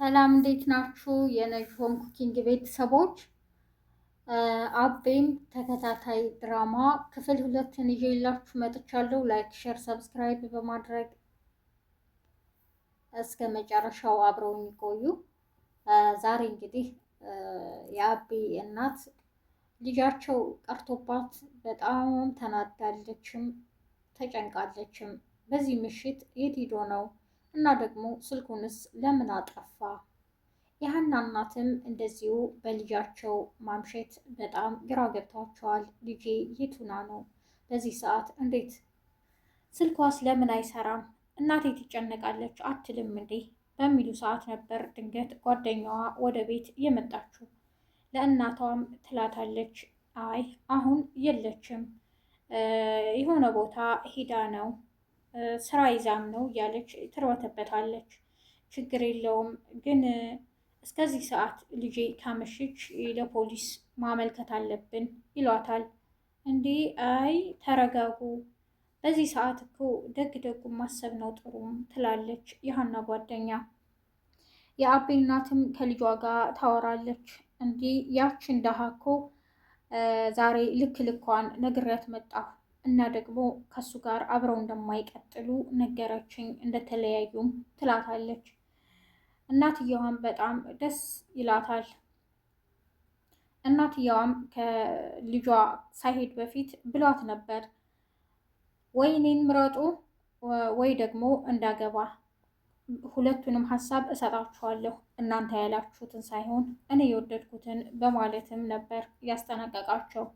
ሰላም እንዴት ናችሁ? የነጂ ሆም ኩኪንግ ቤተሰቦች፣ አቤም ተከታታይ ድራማ ክፍል ሁለትን ይዤላችሁ መጥቻለሁ። ላይክ፣ ሼር፣ ሰብስክራይብ በማድረግ እስከ መጨረሻው አብረው የሚቆዩ ዛሬ እንግዲህ የአቤ እናት ልጃቸው ቀርቶባት በጣም ተናዳለችም ተጨንቃለችም። በዚህ ምሽት የት ነው እና ደግሞ ስልኩንስ ለምን አጠፋ? የሀና እናትም እንደዚሁ በልጃቸው ማምሸት በጣም ግራ ገብቷቸዋል። ልጄ የቱና ነው በዚህ ሰዓት እንዴት ስልኳስ ለምን አይሰራም? እናቴ ትጨነቃለች አትልም እንዴ በሚሉ ሰዓት ነበር ድንገት ጓደኛዋ ወደ ቤት የመጣችው። ለእናቷም ትላታለች፣ አይ አሁን የለችም የሆነ ቦታ ሂዳ ነው ስራ ይዛም ነው እያለች ትርበተበታለች። ችግር የለውም ግን እስከዚህ ሰዓት ልጄ ካመሸች ለፖሊስ ማመልከት አለብን ይሏታል። እንዴ አይ ተረጋጉ፣ በዚህ ሰዓት እኮ ደግ ደጉ ማሰብ ነው ጥሩም ትላለች የሀና ጓደኛ። የአቤ እናትም ከልጇ ጋር ታወራለች። እንዲህ ያች ደሃ እኮ ዛሬ ልክ ልኳን ነግሬያት መጣሁ እና ደግሞ ከሱ ጋር አብረው እንደማይቀጥሉ ነገረችኝ፣ እንደተለያዩም ትላታለች። እናትየዋም በጣም ደስ ይላታል። እናትየዋም ከልጇ ሳይሄድ በፊት ብሏት ነበር ወይ እኔን ምረጡ ወይ ደግሞ እንዳገባ ሁለቱንም ሀሳብ እሰጣችኋለሁ እናንተ ያላችሁትን ሳይሆን እኔ የወደድኩትን በማለትም ነበር ያስጠነቀቃቸው።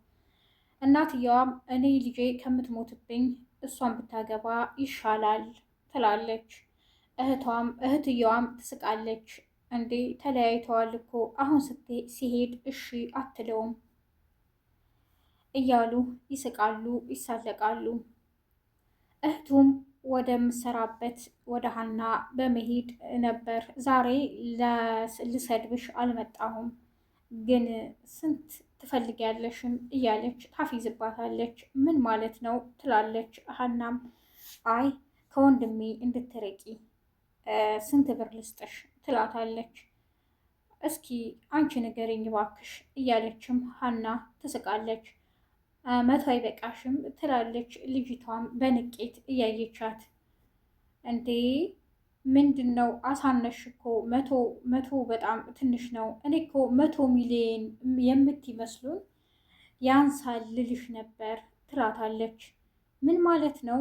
እናትየዋም እኔ ልጄ ከምትሞትብኝ እሷን ብታገባ ይሻላል ትላለች። እህቷም እህትየዋም ትስቃለች። እንዴ ተለያይተዋል እኮ አሁን ሲሄድ እሺ አትለውም እያሉ ይስቃሉ፣ ይሳለቃሉ። እህቱም ወደምሰራበት ወደ ሀና በመሄድ ነበር። ዛሬ ልሰድብሽ አልመጣሁም ግን ስንት ትፈልጊያለሽን እያለች ታፊዝባታለች። ምን ማለት ነው ትላለች። ሀናም አይ ከወንድሜ እንድትርቂ ስንት ብር ልስጥሽ ትላታለች። እስኪ አንቺ ንገሪኝ እባክሽ እያለችም ሀና ትስቃለች። መቶ አይበቃሽም ትላለች። ልጅቷም በንቄት እያየቻት እንዴ ምንድን ነው አሳነሽ እኮ መቶ መቶ በጣም ትንሽ ነው። እኔ እኮ መቶ ሚሊዮን የምትመስሉን ያንሳል ልልሽ ነበር ትላታለች። ምን ማለት ነው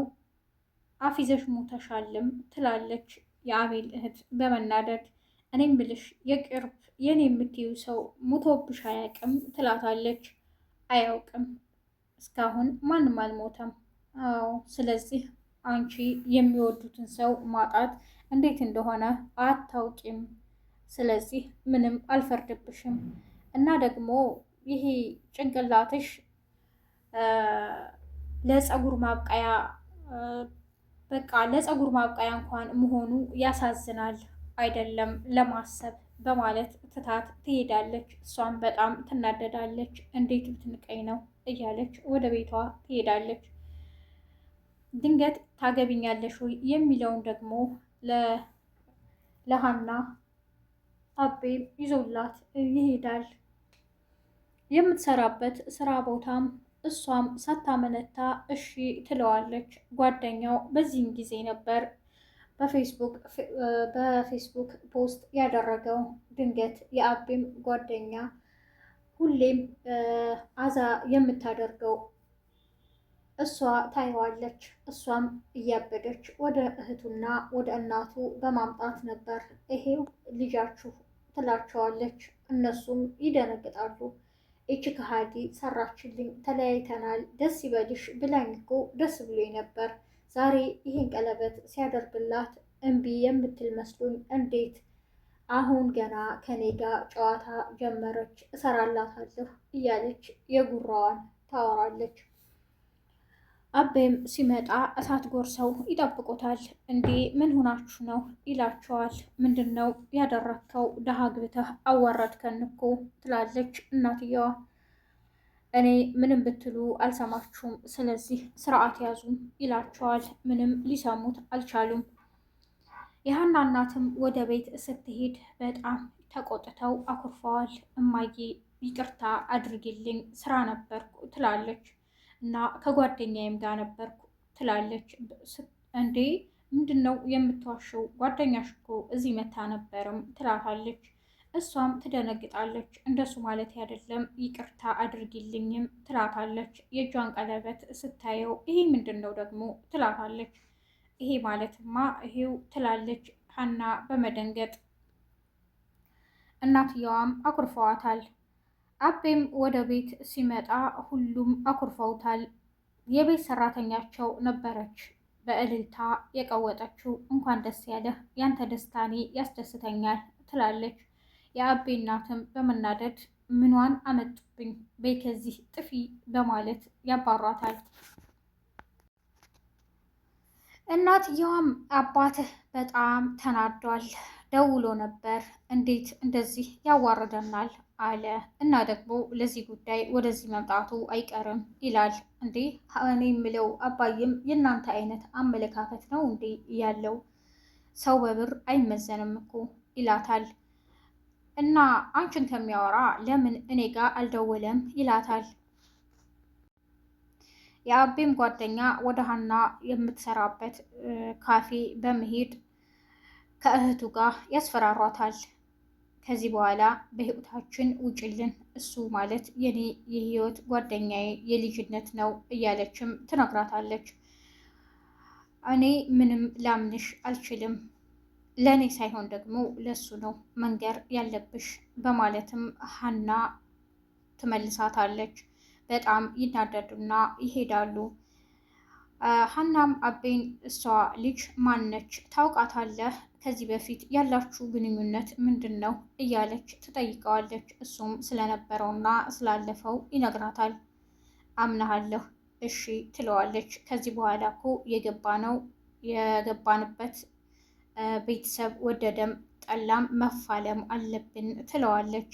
አፊዘሽ ሞተሻልም ትላለች የአቤል እህት በመናደድ እኔም ብልሽ የቅርብ የኔ የምትዩ ሰው ሞቶብሽ አያውቅም ትላታለች። አያውቅም እስካሁን ማንም አልሞተም። አዎ ስለዚህ አንቺ የሚወዱትን ሰው ማጣት እንዴት እንደሆነ አታውቂም። ስለዚህ ምንም አልፈርድብሽም እና ደግሞ ይሄ ጭንቅላትሽ ለፀጉር ማብቀያ በቃ ለፀጉር ማብቀያ እንኳን መሆኑ ያሳዝናል፣ አይደለም ለማሰብ በማለት ትታት ትሄዳለች። እሷን በጣም ትናደዳለች። እንዴት ብትንቀኝ ነው እያለች ወደ ቤቷ ትሄዳለች። ድንገት ታገቢኛለሽ ወይ የሚለውን ደግሞ ለሀና አቤም ይዞላት ይሄዳል። የምትሰራበት ስራ ቦታም እሷም ሳታመነታ እሺ ትለዋለች። ጓደኛው በዚህም ጊዜ ነበር በፌስቡክ ፖስት ያደረገው። ድንገት የአቤም ጓደኛ ሁሌም አዛ የምታደርገው እሷ ታየዋለች። እሷም እያበደች ወደ እህቱና ወደ እናቱ በማምጣት ነበር ይሄው ልጃችሁ ትላቸዋለች። እነሱም ይደነግጣሉ። ይቺ ከሃዲ ሰራችልኝ፣ ተለያይተናል፣ ደስ ይበልሽ ብላኝ እኮ ደስ ብሎኝ ነበር። ዛሬ ይህን ቀለበት ሲያደርግላት እምቢ የምትል መስሎኝ እንዴት አሁን ገና ከኔ ጋር ጨዋታ ጀመረች፣ እሰራላታለሁ እያለች የጉራዋን ታወራለች። አቤም ሲመጣ እሳት ጎርሰው ይጠብቁታል። እንዴ ምን ሆናችሁ ነው ይላቸዋል። ምንድን ነው ያደረግከው? ደሃ ግብተህ አዋረድከን እኮ ትላለች እናትየዋ። እኔ ምንም ብትሉ አልሰማችሁም፣ ስለዚህ ስርዓት ያዙም ይላቸዋል። ምንም ሊሰሙት አልቻሉም። የሀና እናትም ወደ ቤት ስትሄድ በጣም ተቆጥተው አኩርፈዋል። እማዬ ይቅርታ አድርጊልኝ ስራ ነበርኩ ትላለች። እና ከጓደኛዬም ጋር ነበርኩ ትላለች። እንዴ ምንድን ነው የምትዋሸው? ጓደኛሽ እኮ እዚህ መታ ነበርም ትላታለች። እሷም ትደነግጣለች። እንደሱ ማለት አይደለም ይቅርታ አድርጊልኝም ትላታለች። የእጇን ቀለበት ስታየው ይሄ ምንድን ነው ደግሞ ትላታለች። ይሄ ማለትማ ይሄው ትላለች ሀና በመደንገጥ እናትየዋም አኩርፈዋታል። አቤም ወደ ቤት ሲመጣ ሁሉም አኩርፈውታል። የቤት ሰራተኛቸው ነበረች በእልልታ የቀወጠችው። እንኳን ደስ ያለህ ያንተ ደስታኔ ያስደስተኛል ትላለች። የአቤ እናትም በመናደድ ምኗን አመጡብኝ በይ ከዚህ ጥፊ በማለት ያባሯታል። እናትየዋም አባትህ በጣም ተናዷል፣ ደውሎ ነበር። እንዴት እንደዚህ ያዋርደናል አለ እና ደግሞ ለዚህ ጉዳይ ወደዚህ መምጣቱ አይቀርም ይላል። እንዴ እኔ የምለው አባይም የእናንተ አይነት አመለካከት ነው እንዴ ያለው ሰው በብር አይመዘንም እኮ ይላታል። እና አንቺን ከሚያወራ ለምን እኔ ጋር አልደወለም ይላታል። የአቤም ጓደኛ ወደ ሀና የምትሰራበት ካፌ በመሄድ ከእህቱ ጋር ያስፈራሯታል። ከዚህ በኋላ በህይወታችን ውጭልን፣ እሱ ማለት የኔ የህይወት ጓደኛዬ የልጅነት ነው እያለችም ትነግራታለች። እኔ ምንም ላምንሽ አልችልም፣ ለእኔ ሳይሆን ደግሞ ለሱ ነው መንገር ያለብሽ በማለትም ሀና ትመልሳታለች። በጣም ይናደዱና ይሄዳሉ። ሀናም አቤን እሷ ልጅ ማነች ታውቃታለህ ከዚህ በፊት ያላችሁ ግንኙነት ምንድን ነው እያለች ትጠይቀዋለች። እሱም ስለነበረውና ስላለፈው ይነግራታል። አምናሃለሁ እሺ ትለዋለች። ከዚህ በኋላ እኮ የገባነው የገባንበት ቤተሰብ ወደደም ጠላም መፋለም አለብን ትለዋለች።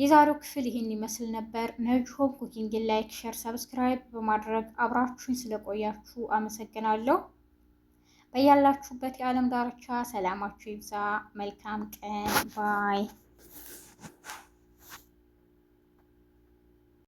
የዛሬው ክፍል ይህን ይመስል ነበር። ነጅሆም ኩኪንግን ላይክ፣ ሸር፣ ሰብስክራይብ በማድረግ አብራችሁን ስለቆያችሁ አመሰግናለሁ። በያላችሁበት የዓለም ዳርቻ ሰላማችሁ ይብዛ። መልካም ቀን ባይ